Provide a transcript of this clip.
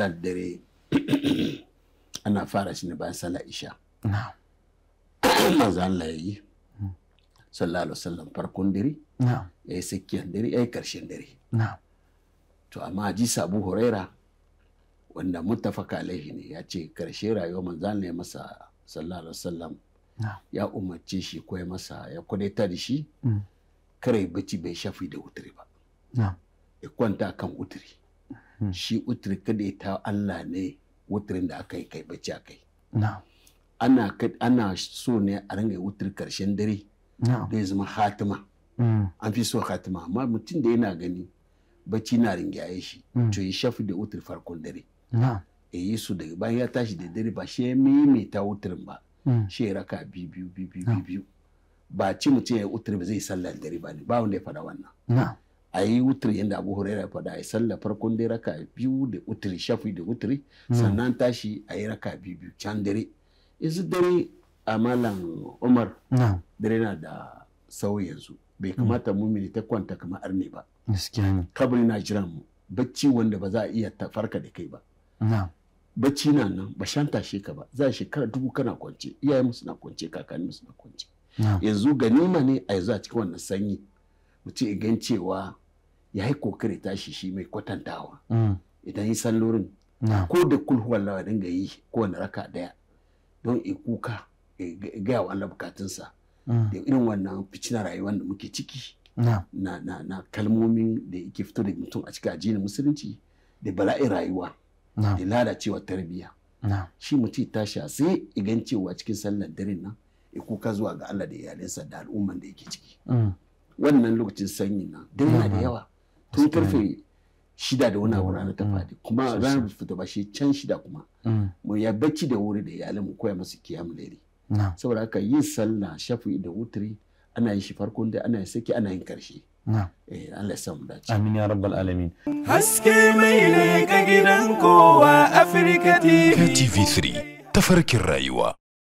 sallar dare ana fara shi ne bayan sallar isha manzo Allah sallallahu alaihi wasallam farkon dare ya yi sakiyar dare ya karshen dare to amma ji sabu Huraira wanda mutafaka alaihi ne ya ce karshe rayuwar manzo Allah ya masa sallallahu alaihi wasallam ya umarce shi ko ya masa ya kudaita da shi mm. kare bacci bai shafi da wuturi ba ya kwanta kan wuturi Hmm. shi utri kada ya ta Allah ne wuturin da aka yi kai bacci a kai ana ana so ne a ringa wutir karshen dare da ya zama hatima hmm. an fi so hatima amma mutum da yana gani bacci na ringaye shi hmm. to ya shafi da wutir farkon dare E yi su daga bayan ya tashi da dare ba shi ya maimaita wutirin ba shi ya raka biyu biyu biyu biyu ba ci mutum ya wutir ba zai sallar dare ba ne ba wanda ya faɗa wannan a yi wutri yadda abu huraira faɗa a yi sallah farkon dai raka biyu da wutiri shafi da wutiri hmm. sannan tashi a yi raka biyu biyu can dare yanzu dare a malam umar dare na da sauyi yanzu bai hmm. kamata mu mini ta kwanta kamar arne ba kabri na jiran mu bacci wanda ba za a iya farka da kai ba bacci na nan ba shan tashe ka ba za shekara dubu kana kwance iyayen musu na kwance kakanni musu na kwance yanzu ganima ne a yanzu a cikin wannan sanyi mutum ya gan cewa ya yi kokari tashi shi mai kwatantawa mm. idan yi sallorin ko da kulhu Allah dinga yi kowane raka daya don ya kuka gaya wa Allah bukatunsa mm. da irin wannan ficina rayuwar da muke ciki na kalmomin da yake fito da mutum a cikin ajiyar musulunci da bala'in rayuwa da lalacewa tarbiyya shi mutum tashi sai igan cewa cikin sallar dare nan ya kuka zuwa ga Allah da iyalinsa da al'umman da yake ciki mm. wannan lokacin sanyi na don yana da yawa tun karfe shida da wani abu rana ta mm, faɗi kuma ranar fita ba shi can shida kuma mm. mu ya bacci da wuri da iyalin mu koya masu kiyam saboda haka yin sallah shafi da wutri ana yin shi farkon da ana yin saki ana yin karshe eh, Allah ya samu dace. Amin ya rabbal alamin. Haske mai ne ga gidan kowa Afirka TV. KTV3 tafarkin rayuwa.